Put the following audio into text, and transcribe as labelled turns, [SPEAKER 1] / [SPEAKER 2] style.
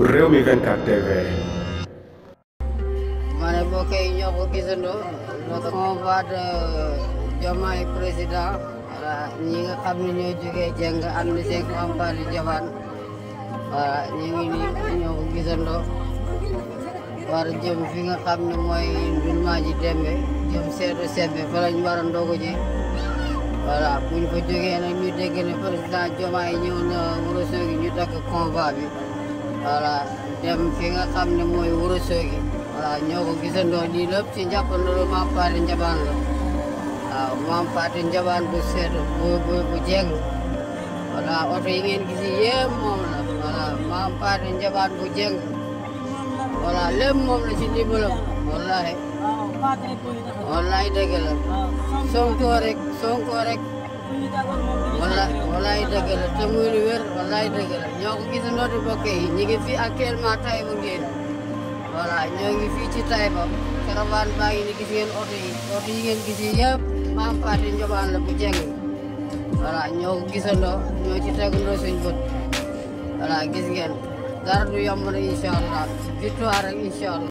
[SPEAKER 1] réew mi 24 TV.
[SPEAKER 2] ma ne ñoo ko gisandoo le convoi de euh, Diomaye président voilà ñi nga xam ne ñoo jógee jàng ànd seeg Mbaye Diabane voilà ñu ngi nii ñoo ko gisandoo war jëm fi nga xam ne mooy Ndulmaaji Dembe jëm seetu Sebbe fa lañ war a ndogu ji jógee nag ñu dégg ne président Diomaye ñëw na Ourossogui ñu takk convoi bi. voilà dem fi nga ne mooy Ourossogui waaw ñoo ko gisandoo lii lépp ci njàppandalu Maam Faty Ndiabane la waaw Maam Faty Ndiabane bu seet bu bu bu jeng voilà oto yi ngeen gis yëpp moom la voilà voilà lépp moom la ci dimbalam wallaahi wallaahi dëgg la Sonko rek Sonko rek wallaahi wallaahi dëgg la te muy lu wér wallaahi dëgg ñoo ko gisandoo di bokk yi ñu ngi fii actuellement Taïba ngeen voilà ñoo ngi fii ci Taïba caravane baa ngi ni gis ngeen oto yi oto yi ngeen gis yëpp maam la bu jeng ñoo ko gisandoo ñoo ci tegandoo suñ bët voilà gis ngeen gardu yamre inchallah jittu insya Allah.